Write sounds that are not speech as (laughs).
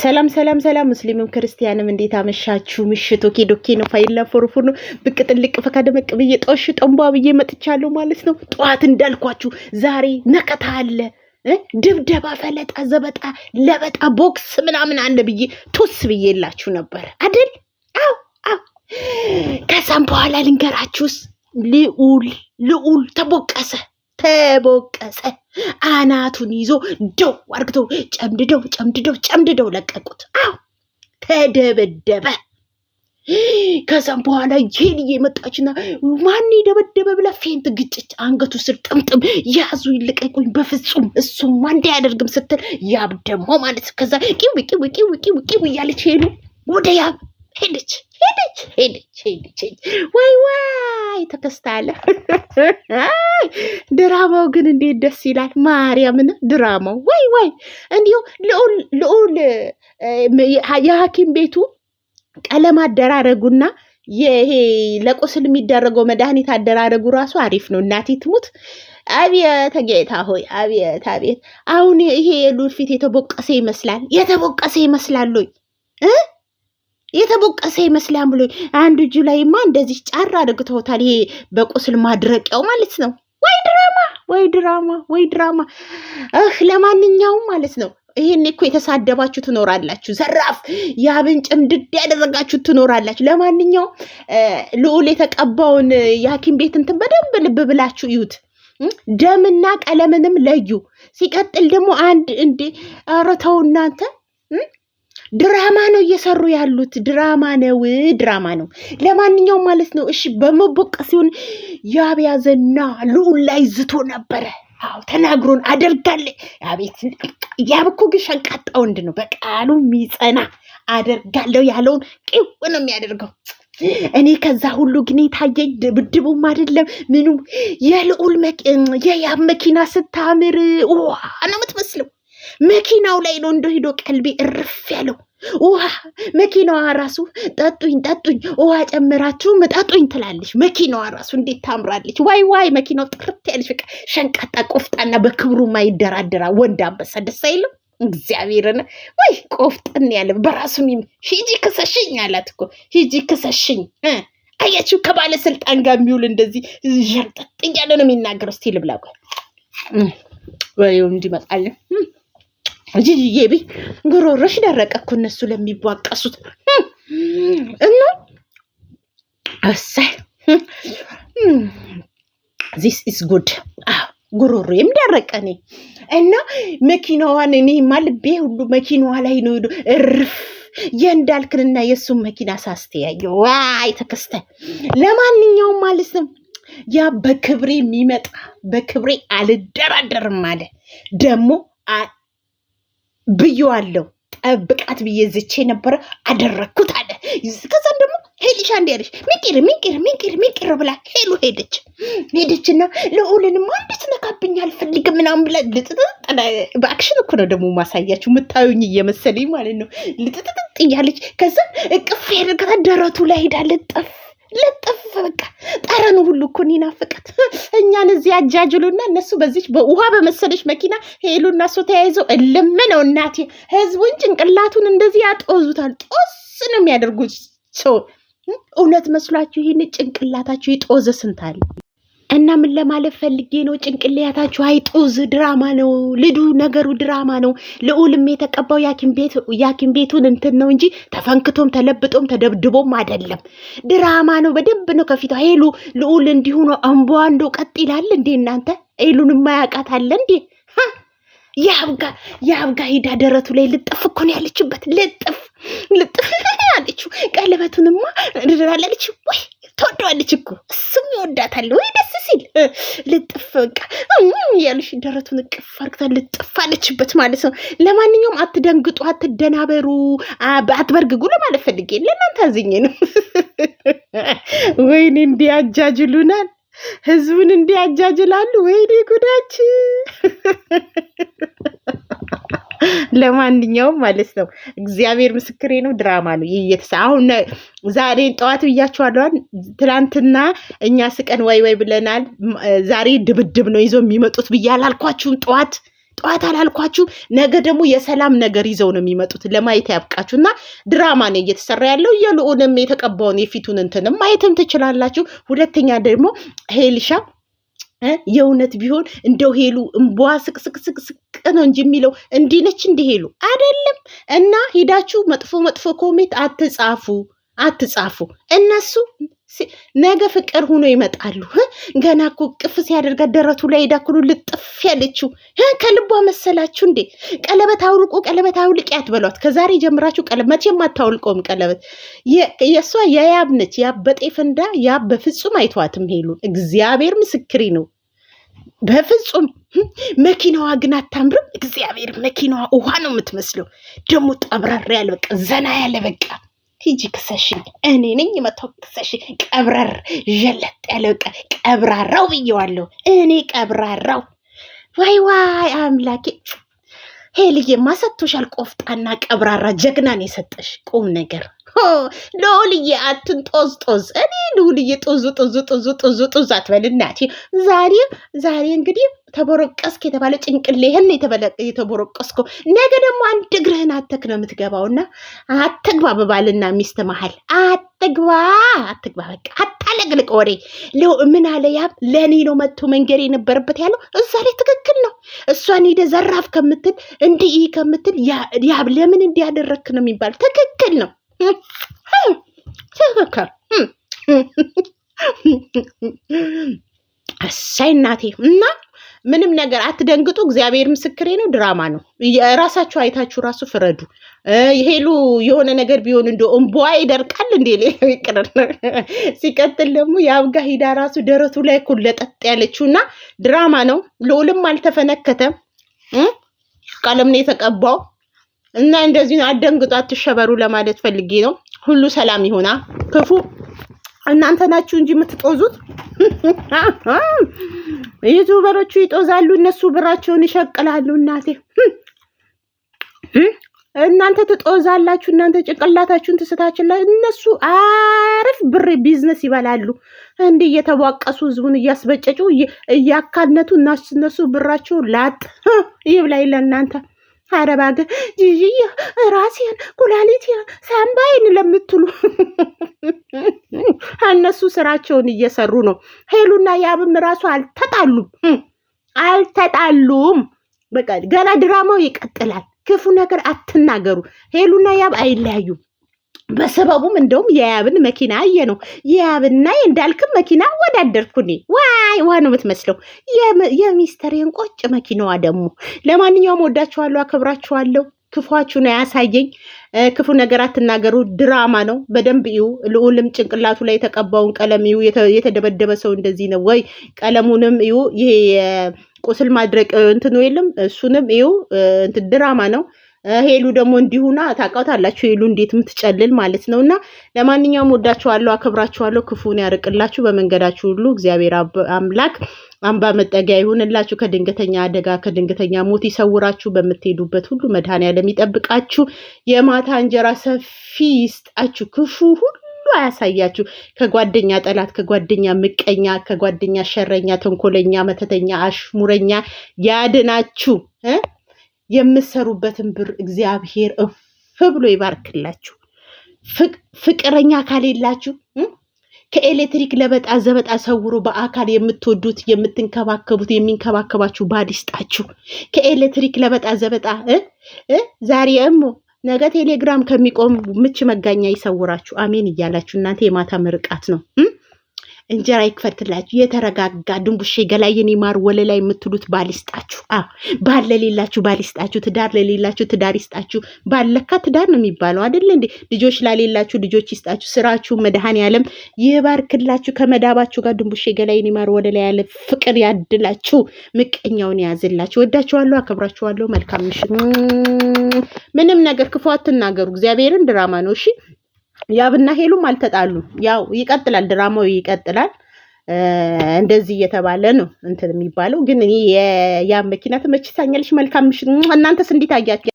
ሰላም ሰላም ሰላም ሙስሊምም ክርስቲያንም እንዴት አመሻችሁ? ምሽት ኦኬ ዶኬ ነው። ፋይላ ፎርፎር ነው። ብቅ ጥልቅ ፈካ ደመቅ ብዬ ጦሽ ጠንቧ ብዬ መጥቻለሁ ማለት ነው። ጠዋት እንዳልኳችሁ ዛሬ ነቀታ አለ፣ ድብደባ፣ ፈለጣ፣ ዘበጣ፣ ለበጣ፣ ቦክስ ምናምን አለ ብዬ ቶስ ብዬላችሁ ነበር አደል? አው አው ከዛም በኋላ ልንገራችሁስ ልዑል ልዑል ተቦቀሰ ተቦቀሰ። አናቱን ይዞ ደው አርግቶ ጨምድደው ጨምድደው ጨምድደው ለቀቁት። አዎ ተደበደበ። ከዛም በኋላ ይሄን የመጣችና ማን ደበደበ ብላ ፌንት ግጭች፣ አንገቱ ስር ጥምጥም ያዙ ይልቀቁኝ፣ በፍጹም ማንድ እንዳያደርግም ስትል ያብ ደግሞ ማለት ከዛ ቂው ቂው ቂው ቂው እያለች ሄዱ ወደ ያብ ሄደች። ሄደች ሄደች ሄደች ወይ ወይ ተከስታለ። ድራማው ግን እንዴት ደስ ይላል! ማርያምን ድራማው ወይ ወይ እንዲሁ ልዑል የሀኪም የሐኪም ቤቱ ቀለም አደራረጉና ይሄ ለቁስል የሚደረገው መድኃኒት አደራረጉ ራሱ አሪፍ ነው። እናቴ ትሙት። አቤት ጌታ ሆይ አቤት አቤት። አሁን ይሄ የሉል ፊት የተቦቀሰ ይመስላል የተቦቀሰ ይመስላል ሆይ የተቦቀሰ ይመስላል ብሎ አንዱ እጁ ላይማ እንደዚህ ጫር አድርግተውታል። ይሄ በቁስል ማድረቂያው ማለት ነው። ወይ ድራማ፣ ወይ ድራማ፣ ወይ ድራማ። ለማንኛውም ማለት ነው ይሄን እኮ የተሳደባችሁ ትኖራላችሁ። ዘራፍ ያብን ጭምድድ ያደረጋችሁ ትኖራላችሁ። ለማንኛውም ልዑል የተቀባውን የሐኪም ቤት እንትን በደንብ ልብ ብላችሁ ይዩት። ደምና ቀለምንም ለዩ። ሲቀጥል ደግሞ አንድ እንዴ ኧረ ተው እናንተ ድራማ ነው እየሰሩ ያሉት። ድራማ ነው፣ ድራማ ነው። ለማንኛውም ማለት ነው እሺ፣ በመቦቀ ሲሆን ያብያዘና ልዑል ላይ ዝቶ ነበረ። አዎ ተናግሮን አደርጋለ። አቤት ያብኮ ግን ሸንቃጣ ወንድ ነው፣ በቃሉ የሚጸና አደርጋለሁ ያለውን ቂው ነው የሚያደርገው። እኔ ከዛ ሁሉ ግን የታየኝ ድብድቡም አይደለም ምኑም የልዑል የያብ መኪና ስታምር ዋ ነው የምትመስለው። መኪናው ላይ ነው እንደ ሂዶ ቀልቤ እርፍ ያለው። ውሃ መኪናዋ ራሱ ጠጡኝ ጠጡኝ ውሃ ጨምራችሁ መጠጡኝ ትላለች። መኪናዋ ራሱ እንዴት ታምራለች! ዋይ ዋይ መኪናው ጥርት ያለች በቃ ሸንቃጣ ቆፍጣና፣ በክብሩ ማይደራደራ ወንድ አንበሳ ደስ አይልም? እግዚአብሔርን ወይ ቆፍጥን ያለ በራሱ ሂጂ ክሰሽኝ አላት እኮ ሂጂ ክሰሽኝ። አያችሁ ከባለስልጣን ጋር የሚውል እንደዚህ ዠርጠጥ እያለ ነው የሚናገረው። ስቲ ልብላ ወይ እንዲመጣለን ጂጂዬ ቢ ጉሮሮሽ ደረቀ እኮ እነሱ ለሚቧቀሱት እና እሰይ ዚስ ኢዝ ጉድ ጉሮሮዬም ደረቀ። እኔ እና መኪናዋን እኔማ ልቤ ሁሉ መኪናዋ ላይ ነው ሄዶ እርፍ የእንዳልክንና የእሱን መኪና ሳስተያየው ዋይ ተከስተ። ለማንኛውም ማለት ነው ያ በክብሬ የሚመጣ በክብሬ አልደራደርም አለ ደግሞ ብየዋለሁ። ጠብቃት ብዬ ዝቼ ነበረ አደረግኩት አለ። ከዛም ደግሞ ሄድሽ አንድ ያለሽ ሚንቅር ሚንቅር ሚንቅር ሚንቅር ብላ ሄሉ ሄደች ሄደችና ለኦለንም አንዲት ነካብኝ አልፈልግም ምናምን ብላ ልጥጥጥ በአክሽን እኮ ነው ደግሞ ማሳያችሁ የምታዩኝ እየመሰለኝ ማለት ነው። ልጥጥጥ እያለች ከዛ እቅፍ ያደርጋት ደረቱ ላይ ሄዳለ ጠፍ ልጥፍ በቃ ጠረኑ ሁሉ እኮ ይናፍቃት። እኛን እዚህ አጃጅሉና እነሱ በዚች በውሃ በመሰለች መኪና ሄሉ እናሱ ተያይዘው እልም ነው እናቴ። ህዝቡን ጭንቅላቱን እንደዚህ ያጦዙታል። ጦስ ነው የሚያደርጉት ሰው እውነት መስሏችሁ ይህን ጭንቅላታችሁ የጦዘ ስንታል እና ምን ለማለት ፈልጌ ነው? ጭንቅላታችሁ አይጡዝ። ድራማ ነው ልዱ፣ ነገሩ ድራማ ነው። ልዑልም የተቀባው ያኪም ቤቱን እንትን ነው እንጂ ተፈንክቶም ተለብጦም ተደብድቦም አይደለም። ድራማ ነው። በደንብ ነው ከፊቷ ሄሉ ልዑል እንዲሁኖ አንቧ እንደው ቀጥ ይላል እንዴ እናንተ። ሄሉን ማያውቃት አለ እንዴ? የአብጋ የአብጋ ሂዳ ደረቱ ላይ ልጥፍ እኮ ነው ያለችበት። ልጥፍ ልጥፍ (laughs) አለችው። ቀለበቱንማ ድራላለች ወይ ትወደዋለች እኮ እሱ ወዳታለሁ ወይ ደስ ሲል ልጥፍ በቃ ያልሽ ደረቱን እቅፍ አርግታ ልጥፍ አለችበት ማለት ነው። ለማንኛውም አትደንግጡ፣ አትደናበሩ፣ አትበርግጉ ለማለት ፈልጌ ለእናንተ አዝኜ ነው። (laughs) ወይኔ እንዲያጃጅሉናል ህዝቡን እንዲያጃጅላሉ። ወይኔ ጉዳች (laughs) ለማንኛውም ማለት ነው እግዚአብሔር ምስክሬ ነው። ድራማ ነው እየተሳ አሁን ዛሬ ጠዋት ብያቸዋለን። ትናንትና እኛ ስቀን ወይ ወይ ብለናል። ዛሬ ድብድብ ነው ይዘው የሚመጡት ብያ አላልኳችሁም? ጠዋት ጠዋት አላልኳችሁ? ነገ ደግሞ የሰላም ነገር ይዘው ነው የሚመጡት። ለማየት ያብቃችሁ እና ድራማ ነው እየተሰራ ያለው። የልዑንም የተቀባውን የፊቱን እንትንም ማየትም ትችላላችሁ። ሁለተኛ ደግሞ ሄልሻ የእውነት ቢሆን እንደው ሄሉ እምቧ ስቅስቅስቅስቅ ነው እንጂ የሚለው እንዲህ ነች እንዲህ ሄሉ አይደለም። እና ሄዳችሁ መጥፎ መጥፎ ኮሜት አትጻፉ አትጻፉ እነሱ ነገ ፍቅር ሆኖ ይመጣሉ። ገና እኮ ቅፍ ሲያደርጋት ደረቱ ላይ ሄዳ እኮ ልጥፍ ያለችው ከልቧ መሰላችሁ እንዴ? ቀለበት አውልቆ ቀለበት አውልቂ ያትበሏት ከዛሬ ጀምራችሁ ቀለበት መቼም አታውልቀውም። ቀለበት የእሷ የያብ ነች። ያበጤ ፈንዳ ያ በፍጹም አይተዋትም ሄሉ እግዚአብሔር ምስክሪ ነው። በፍጹም መኪናዋ ግን አታምርም። እግዚአብሔር መኪናዋ ውሃ ነው የምትመስለው። ደግሞ ጠብረር ያለ በቃ ዘና ያለ በቃ ሂጂ ክሰሽኝ፣ እኔ ነኝ መቶ ክሰሽኝ። ቀብረር ዠለጥ ያለው ቀብራራው ብየዋለሁ እኔ ቀብራራው። ዋይ ዋይ አምላኬ! ሄልዬማ ሰጥቶሻል። ቆፍጣና ቀብራራ ጀግናን የሰጠሽ ቁም ነገር ልዑልዬ አትን ጦዝ ጦዝ እኔ ልውልዬ ጦዝ ጦዝ ጦዝ ጦዝ ጦዝ አትበልናት። ዛሬ ዛሬ እንግዲህ ተቦረቀስክ የተባለ ጭንቅሌህን የተቦረቀስከው ነገ ደግሞ አንድ እግርህን አተክ ነው የምትገባውና አትግባ። በባልና ሚስት መሀል አትግባ፣ አትግባ። በቃ አታለቅልቅ ወሬ ለው ምን አለ ያም ለእኔ ነው መጥቶ መንገድ የነበረበት ያለው እዛ ላይ ትክክል ነው። እሷን ሄደ ዘራፍ ከምትል እንዲህ ከምትል ያብ ለምን እንዲያደረክ ነው የሚባል ትክክል ነው። ትክክል እሰይ እናቴ እና ምንም ነገር አትደንግጡ። እግዚአብሔር ምስክሬ ነው። ድራማ ነው። ራሳችሁ አይታችሁ ራሱ ፍረዱ። ሄሉ የሆነ ነገር ቢሆን እንደ እንቧ ይደርቃል እንዴ? ሌላው ሲቀጥል ደግሞ የአብጋ ሂዳ ራሱ ደረቱ ላይ እኮ ለጠጥ ያለችው እና ድራማ ነው። ልዑልም አልተፈነከተም። ቀለም ነው የተቀባው እና እንደዚህ ነው። አደንግጡ፣ አትሸበሩ ለማለት ፈልጌ ነው። ሁሉ ሰላም ይሆና ክፉ እናንተ ናችሁ እንጂ የምትጦዙት (laughs) ዩቱበሮቹ ይጦዛሉ፣ እነሱ ብራቸውን ይሸቅላሉ። እናቴ እናንተ ትጦዛላችሁ። እናንተ ጭንቅላታችሁን ትስታችላ። እነሱ አሪፍ ብር ቢዝነስ ይበላሉ። እንዲህ እየተቧቀሱ ህዝቡን እያስበጨጩ እያካነቱ እነሱ ብራቸው ላጥ ይብላይ ለእናንተ። አረባገ እባክህ ጂጂዬ ራሴን ኩላሊቴን ሳምባይን ለምትሉ (laughs) እነሱ ስራቸውን እየሰሩ ነው። ሄሉና ያብም ራሱ አልተጣሉም አልተጣሉም። በቃ ገና ድራማው ይቀጥላል። ክፉ ነገር አትናገሩ። ሄሉና ያብ አይለያዩም። በሰበቡም እንደውም የያብን መኪና አየ ነው የያብና እንዳልክም መኪና ወዳደርኩኔ። ዋይ ዋ ነው የምትመስለው የሚስተር የንቆጭ መኪናዋ ደግሞ። ለማንኛውም ወዳችኋለሁ፣ አከብራችኋለሁ። ክፏችሁን አያሳየኝ። ክፉ ነገር አትናገሩ። ድራማ ነው። በደንብ ይዩ። ልዑልም ጭንቅላቱ ላይ የተቀባውን ቀለም ይዩ። የተደበደበ ሰው እንደዚህ ነው ወይ? ቀለሙንም ይዩ። ይሄ ቁስል ማድረቅ እንትኑ የለም እሱንም ይዩ። ድራማ ነው። ሄሉ ደግሞ እንዲሁና ታውቃታላችሁ። ሄሉ እንዴት የምትጨልል ማለት ነው። እና ለማንኛውም ወዳችኋለሁ፣ አለው ክፉን ያርቅላችሁ በመንገዳችሁ ሁሉ እግዚአብሔር አምላክ አምባ መጠጊያ ይሁንላችሁ። ከድንገተኛ አደጋ ከድንገተኛ ሞት ይሰውራችሁ። በምትሄዱበት ሁሉ መድኃኔዓለም ይጠብቃችሁ። የማታ እንጀራ ሰፊ ይስጣችሁ። ክፉ ሁሉ አያሳያችሁ። ከጓደኛ ጠላት፣ ከጓደኛ ምቀኛ፣ ከጓደኛ ሸረኛ፣ ተንኮለኛ፣ መተተኛ፣ አሽሙረኛ ያድናችሁ። የምትሰሩበትን ብር እግዚአብሔር እፍ ብሎ ይባርክላችሁ። ፍቅረኛ የላችሁ ከኤሌክትሪክ ለበጣ ዘበጣ ሰውሮ በአካል የምትወዱት የምትንከባከቡት የሚንከባከባችሁ ባል ይስጣችሁ። ከኤሌክትሪክ ለበጣ ዘበጣ ዛሬ እሞ ነገ ቴሌግራም ከሚቆም ምች መጋኛ ይሰውራችሁ። አሜን እያላችሁ እናንተ የማታ ምርቃት ነው። እንጀራ ይክፈትላችሁ። የተረጋጋ ድንቡሼ ገላይ የኔ ማር ላይ የምትሉት ባል ይስጣችሁ። ባል ለሌላችሁ ባል ይስጣችሁ። ትዳር ለሌላችሁ ትዳር ይስጣችሁ። ባል ለካ ትዳር ነው የሚባለው አይደለ እንዴ? ልጆች ላሌላችሁ ልጆች ይስጣችሁ። ስራችሁ መድኃኔዓለም ይባርክላችሁ። ከመዳባችሁ ጋር ድንቡሼ ገላይ የኔ ማር ላይ ያለ ፍቅር ያድላችሁ። ምቀኛውን ያዝላችሁ። ወዳችኋለሁ፣ አከብራችኋለሁ። መልካም ምሽት። ምንም ነገር ክፉ አትናገሩ። እግዚአብሔርን ድራማ ነው እሺ ያብና ሄሉም አልተጣሉም። ያው ይቀጥላል፣ ድራማው ይቀጥላል። እንደዚህ እየተባለ ነው እንትን የሚባለው ግን እኔ ያ መኪና ትመችታኛለች። መልካም ምሽት። እናንተስ እንዴት አያችሁ?